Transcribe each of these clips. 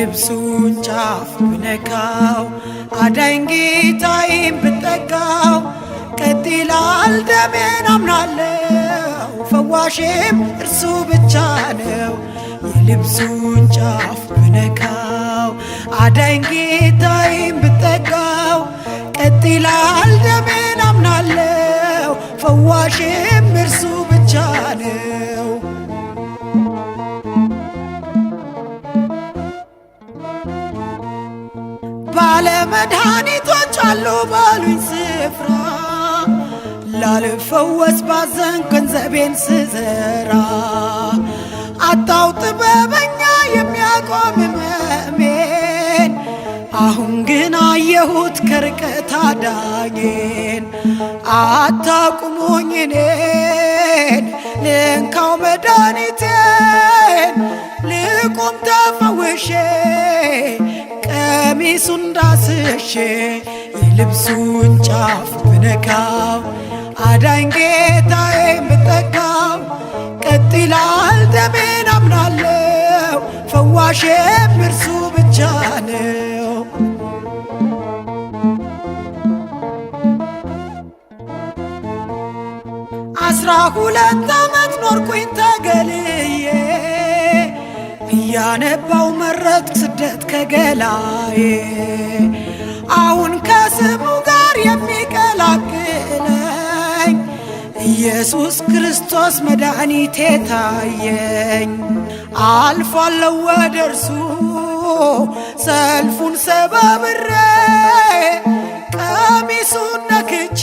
የልብሱን ጫፍ ብነካው አዳኝ ጌታዬን ብጠጋው ቀጥ ይላል ደሜን አምናለው ፈዋሼም እርሱ ብቻ ነው። የልብሱን ጫፍ ብነካው አዳኝ ጌታዬን ብጠጋው ቀጥ ይላል ደሜን አምናለው ፈዋሼም እርሱ ብቻ ነው። ባለ መድኃኒቶች አሉ ባሉኝ ስፍራ ላልፈወስ ባዘን ገንዘቤን ስዘራ አጣው ጥበበኛ የሚያቆም መሜን አሁን ግን አየሁት ከርቀት አዳኜን አታቁሙኝ እኔን ልንካው መድኃኒቴን ልቁም ተፈውሼ ቀሚሱ ዳስሼ የልብሱን ጫፍ ብነካው አዳኝ ጌታዬን ብጠጋው ቀጥ ደሜን አምናለው ፈዋሼም እርሱ ብቻ ነው። አስራ ሁለት ዓመት ኖርኩኝ ተገሌ እያነባው መረጥ ስደት ከገላዬ አሁን ከስሙ ጋር የሚቀላቅለኝ ኢየሱስ ክርስቶስ መድኃኒቴ ታየኝ። አልፋለሁ ወደ እርሱ ሰልፉን ሰባብሬ ቀሚሱን ነክቼ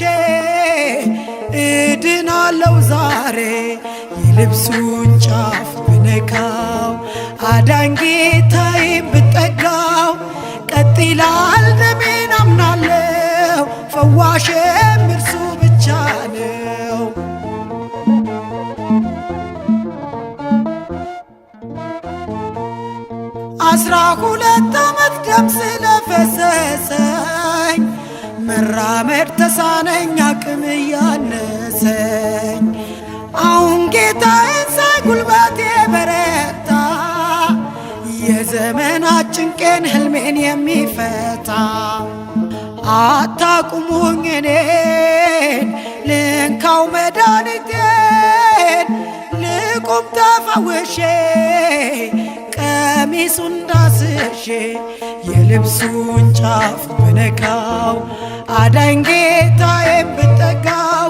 እድናለው ዛሬ የልብሱን ጫፍ ብነካው አዳኝ ጌታዬን ብጠጋው ቀጥ ይላል ደሜን አምናለው ፈዋሽም እርሱ ብቻ ነው። አስራ ሁለት ዓመት ደም ስለፈሰሰኝ መራመድ ተሳነኝ አቅም እያነሰኝ አሁን ጌታዬ ጭንቄን ህልሜን የሚፈታ አታቁሙኝ እኔን ልንካው መድኃኒቴን ልቁም ተፈውሼ ቀሚሱን ዳስሼ የልብሱን ጫፍ ብነካው አዳኝ ጌታዬን ብጠጋው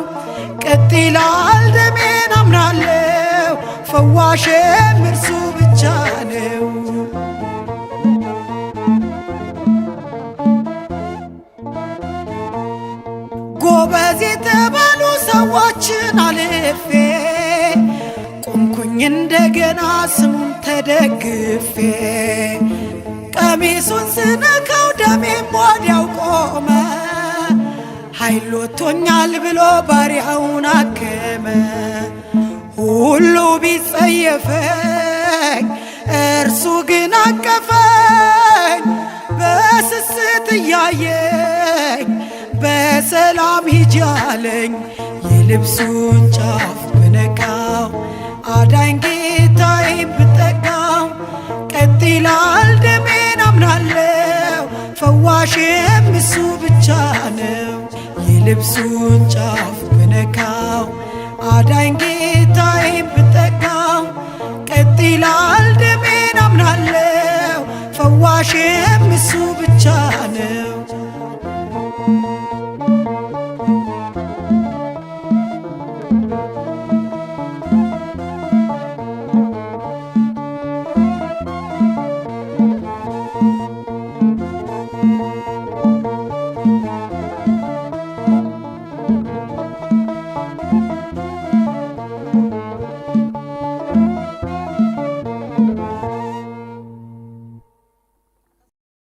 ቀጥ ይላል ደሜን አምናለው ፈዋሼም እርሱ ብቻ ነው። ፈተናዎችን አልፌ ቆምኩኝ እንደገና ስሙን ተደግፌ ቀሚሱን ስነካው ደሜም ወዲያው ቆመ ኃይሎቶኛል ብሎ ባሪያውን አከመ። ሁሉ ቢጸየፈኝ እርሱ ግን አቀፈኝ። በስስት እያየኝ በሰላም ሂጂ አለኝ። የልብሱን ጫፍ ብነካው አዳኝ ጌታዬ ብጠጋው ቀጥ ይላል ደሜን አምናለው ፈዋሽም እሱ ብቻ ነው። የልብሱን ጫፍ ብነካው አዳኝ ጌታዬ ብጠጋው ቀጥ ይላል ደሜን አምናለው ፈዋሽም እሱ ብቻ ነው።